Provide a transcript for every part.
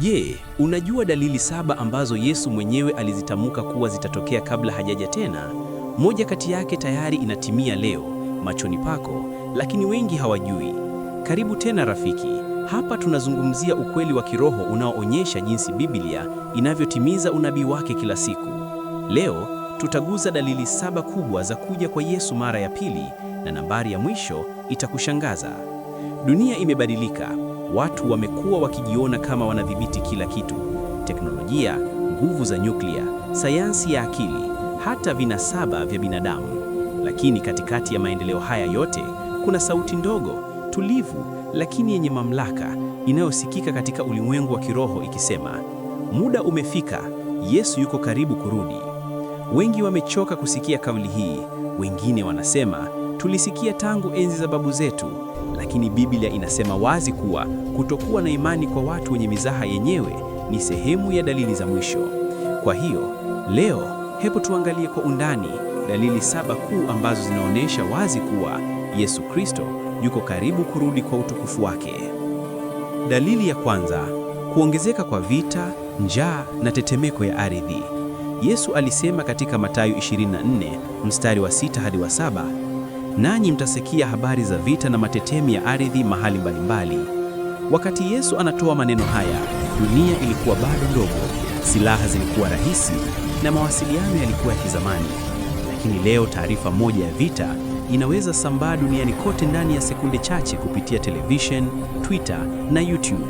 Je, unajua dalili saba ambazo Yesu mwenyewe alizitamka kuwa zitatokea kabla hajaja tena? Moja kati yake tayari inatimia leo machoni pako, lakini wengi hawajui. Karibu tena rafiki. Hapa tunazungumzia ukweli wa kiroho unaoonyesha jinsi Biblia inavyotimiza unabii wake kila siku. Leo tutaguza dalili saba kubwa za kuja kwa Yesu mara ya pili, na nambari ya mwisho itakushangaza. Dunia imebadilika watu wamekuwa wakijiona kama wanadhibiti kila kitu: teknolojia, nguvu za nyuklia, sayansi ya akili, hata vinasaba vya binadamu. Lakini katikati ya maendeleo haya yote, kuna sauti ndogo, tulivu, lakini yenye mamlaka inayosikika katika ulimwengu wa kiroho ikisema, muda umefika, Yesu yuko karibu kurudi. Wengi wamechoka kusikia kauli hii, wengine wanasema Tulisikia tangu enzi za babu zetu, lakini Biblia inasema wazi kuwa kutokuwa na imani kwa watu wenye mizaha yenyewe ni sehemu ya dalili za mwisho. Kwa hiyo leo, hebu tuangalie kwa undani dalili saba kuu ambazo zinaonyesha wazi kuwa Yesu Kristo yuko karibu kurudi kwa utukufu wake. Dalili ya kwanza, kuongezeka kwa vita, njaa na tetemeko ya ardhi. Yesu alisema katika Mathayo 24 mstari wa 6 hadi wa 7 nanyi mtasikia habari za vita na matetemi ya ardhi mahali mbalimbali. Wakati Yesu anatoa maneno haya, dunia ilikuwa bado ndogo, silaha zilikuwa rahisi na mawasiliano yalikuwa ya kizamani. Lakini leo taarifa moja ya vita inaweza sambaa duniani kote ndani ya sekunde chache kupitia television, Twitter na YouTube.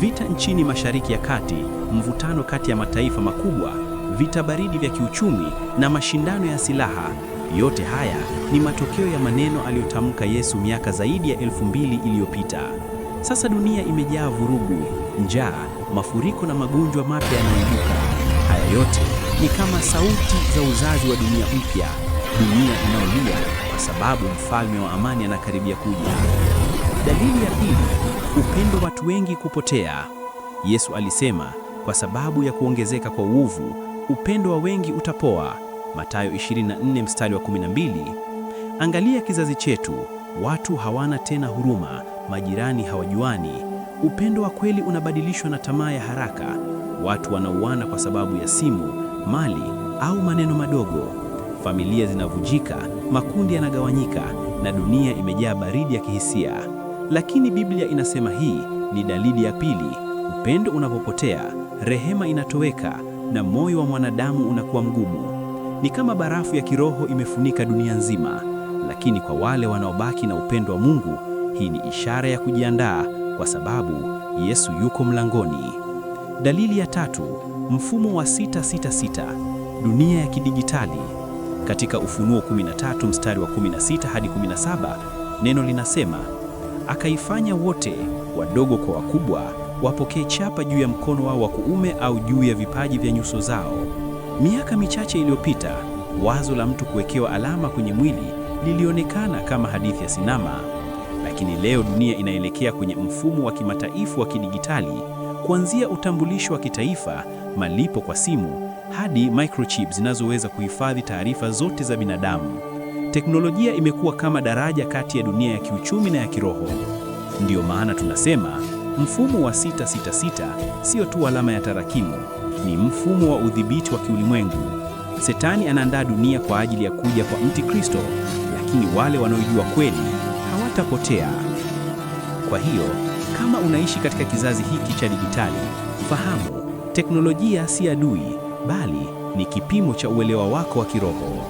Vita nchini Mashariki ya Kati, mvutano kati ya mataifa makubwa, vita baridi vya kiuchumi na mashindano ya silaha yote haya ni matokeo ya maneno aliyotamka Yesu miaka zaidi ya elfu mbili iliyopita. Sasa dunia imejaa vurugu, njaa, mafuriko na magonjwa mapya yanayoibuka. Haya yote ni kama sauti za uzazi wa dunia mpya, dunia inayolia kwa sababu mfalme wa amani anakaribia kuja. Dalili ya pili, upendo watu wengi kupotea. Yesu alisema, kwa sababu ya kuongezeka kwa uovu, upendo wa wengi utapoa. Mathayo 24 mstari wa 12, angalia kizazi chetu, watu hawana tena huruma, majirani hawajuani, upendo wa kweli unabadilishwa na tamaa ya haraka, watu wanauana kwa sababu ya simu, mali au maneno madogo, familia zinavujika, makundi yanagawanyika na dunia imejaa baridi ya kihisia. Lakini Biblia inasema hii ni dalili ya pili: upendo unapopotea, rehema inatoweka na moyo wa mwanadamu unakuwa mgumu. Ni kama barafu ya kiroho imefunika dunia nzima, lakini kwa wale wanaobaki na upendo wa Mungu, hii ni ishara ya kujiandaa kwa sababu Yesu yuko mlangoni. Dalili ya tatu, mfumo wa 666, dunia ya kidijitali. Katika Ufunuo 13 mstari wa 16 hadi 17, neno linasema akaifanya wote wadogo kwa wakubwa wapokee chapa juu ya mkono wao wa kuume au juu ya vipaji vya nyuso zao Miaka michache iliyopita, wazo la mtu kuwekewa alama kwenye mwili lilionekana kama hadithi ya sinema, lakini leo dunia inaelekea kwenye mfumo wa kimataifa wa kidijitali, kuanzia utambulisho wa kitaifa, malipo kwa simu, hadi microchips zinazoweza kuhifadhi taarifa zote za binadamu. Teknolojia imekuwa kama daraja kati ya dunia ya kiuchumi na ya kiroho. Ndiyo maana tunasema mfumo wa 666 sio tu alama ya tarakimu ni mfumo wa udhibiti wa kiulimwengu. Setani anaandaa dunia kwa ajili ya kuja kwa mti kristo lakini wale wanaojua kweli hawatapotea. Kwa hiyo, kama unaishi katika kizazi hiki cha dijitali, fahamu teknolojia si adui, bali ni kipimo cha uelewa wako wa kiroho.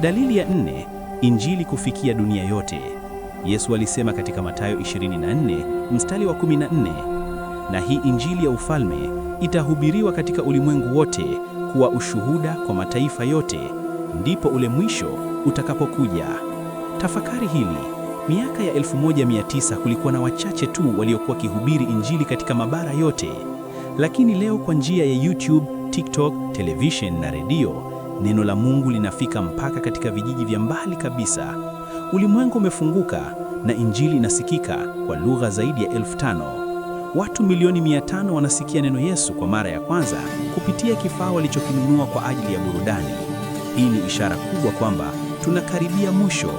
Dalili ya nne, injili kufikia dunia yote. Yesu alisema katika Mathayo 24 mstari wa 14, na hii injili ya ufalme itahubiriwa katika ulimwengu wote kuwa ushuhuda kwa mataifa yote, ndipo ule mwisho utakapokuja. Tafakari hili. Miaka ya 1900 kulikuwa na wachache tu waliokuwa kihubiri injili katika mabara yote, lakini leo kwa njia ya YouTube, TikTok, television na redio, neno la Mungu linafika mpaka katika vijiji vya mbali kabisa. Ulimwengu umefunguka na injili inasikika kwa lugha zaidi ya elfu tano watu milioni 500 wanasikia neno Yesu kwa mara ya kwanza kupitia kifaa walichokinunua kwa ajili ya burudani. Hii ni ishara kubwa kwamba tunakaribia mwisho,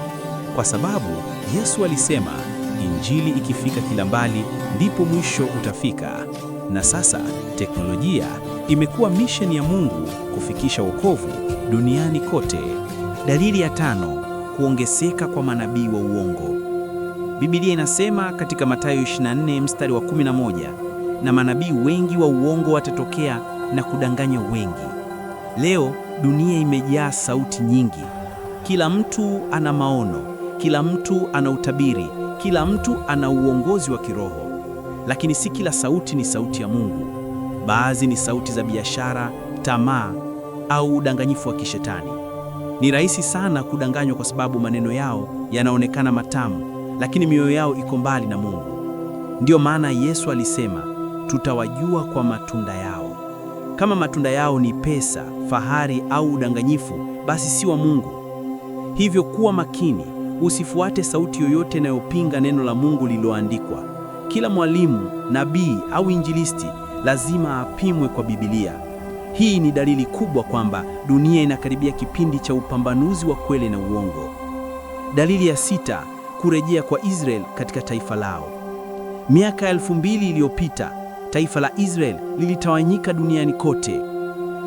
kwa sababu Yesu alisema injili ikifika kila mbali ndipo mwisho utafika. Na sasa teknolojia imekuwa misheni ya Mungu kufikisha wokovu duniani kote. Dalili ya tano: kuongezeka kwa manabii wa uongo. Biblia inasema katika Mathayo 24 mstari wa 11, na manabii wengi wa uongo watatokea na kudanganya wengi. Leo dunia imejaa sauti nyingi. Kila mtu ana maono, kila mtu ana utabiri, kila mtu ana uongozi wa kiroho, lakini si kila sauti ni sauti ya Mungu. Baadhi ni sauti za biashara, tamaa au udanganyifu wa kishetani. Ni rahisi sana kudanganywa kwa sababu maneno yao yanaonekana matamu lakini mioyo yao iko mbali na Mungu. Ndiyo maana Yesu alisema, tutawajua kwa matunda yao. Kama matunda yao ni pesa, fahari au udanganyifu, basi si wa Mungu. Hivyo kuwa makini, usifuate sauti yoyote inayopinga neno la Mungu lililoandikwa. Kila mwalimu, nabii au injilisti lazima apimwe kwa Biblia. Hii ni dalili kubwa kwamba dunia inakaribia kipindi cha upambanuzi wa kweli na uongo. Dalili ya sita kurejea kwa Israel katika taifa lao. Miaka elfu mbili iliyopita taifa la Israel lilitawanyika duniani kote.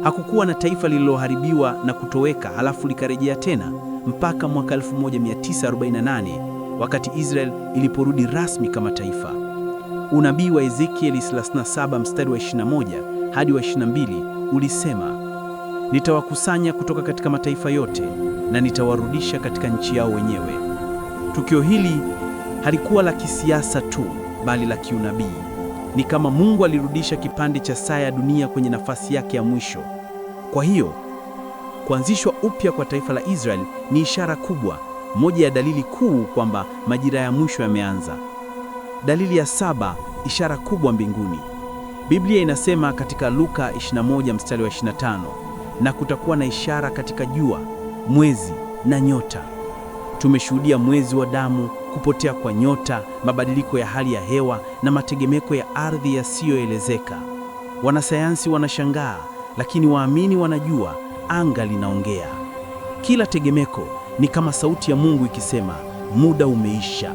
Hakukuwa na taifa lililoharibiwa na kutoweka halafu likarejea tena mpaka mwaka 1948 wakati Israel iliporudi rasmi kama taifa. Unabii wa Ezekieli 37 mstari wa 21 hadi wa 22 ulisema, nitawakusanya kutoka katika mataifa yote na nitawarudisha katika nchi yao wenyewe. Tukio hili halikuwa la kisiasa tu, bali la kiunabii. Ni kama Mungu alirudisha kipande cha saa ya dunia kwenye nafasi yake ya mwisho. Kwa hiyo, kuanzishwa upya kwa taifa la Israeli ni ishara kubwa, moja ya dalili kuu kwamba majira ya mwisho yameanza. Dalili ya saba, ishara kubwa mbinguni. Biblia inasema katika Luka 21 mstari wa 25, na kutakuwa na ishara katika jua, mwezi na nyota. Tumeshuhudia mwezi wa damu, kupotea kwa nyota, mabadiliko ya hali ya hewa na mategemeko ya ardhi yasiyoelezeka. Wanasayansi wanashangaa, lakini waamini wanajua, anga linaongea. Kila tegemeko ni kama sauti ya Mungu ikisema, muda umeisha.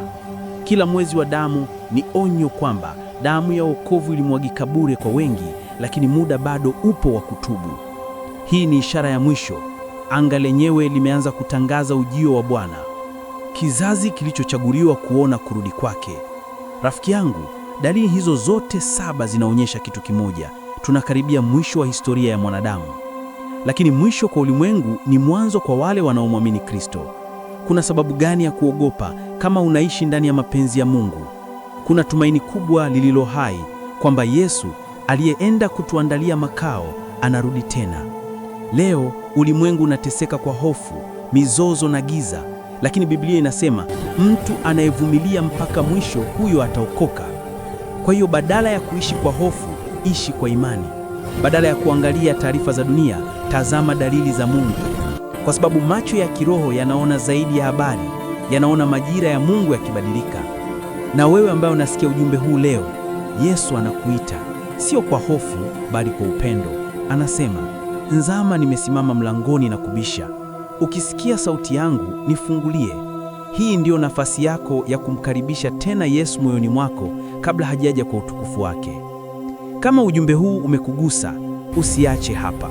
Kila mwezi wa damu ni onyo kwamba damu ya wokovu ilimwagika bure kwa wengi, lakini muda bado upo wa kutubu. Hii ni ishara ya mwisho. Anga lenyewe limeanza kutangaza ujio wa Bwana kizazi kilichochaguliwa kuona kurudi kwake. Rafiki yangu, dalili hizo zote saba zinaonyesha kitu kimoja: tunakaribia mwisho wa historia ya mwanadamu. Lakini mwisho kwa ulimwengu ni mwanzo kwa wale wanaomwamini Kristo. Kuna sababu gani ya kuogopa kama unaishi ndani ya mapenzi ya Mungu? Kuna tumaini kubwa lililo hai kwamba Yesu aliyeenda kutuandalia makao anarudi tena. Leo ulimwengu unateseka kwa hofu, mizozo na giza lakini Biblia inasema mtu anayevumilia mpaka mwisho huyo ataokoka. Kwa hiyo badala ya kuishi kwa hofu, ishi kwa imani. Badala ya kuangalia taarifa za dunia, tazama dalili za Mungu, kwa sababu macho ya kiroho yanaona zaidi ya habari, yanaona majira ya Mungu yakibadilika. Na wewe ambaye unasikia ujumbe huu leo, Yesu anakuita, sio kwa hofu, bali kwa upendo. Anasema, nzama nimesimama mlangoni na kubisha. Ukisikia sauti yangu, nifungulie. Hii ndiyo nafasi yako ya kumkaribisha tena Yesu moyoni mwako kabla hajaja kwa utukufu wake. Kama ujumbe huu umekugusa, usiache hapa.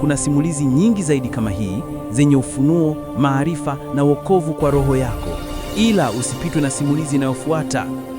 Kuna simulizi nyingi zaidi kama hii zenye ufunuo, maarifa na wokovu kwa roho yako. Ila usipitwe na simulizi inayofuata.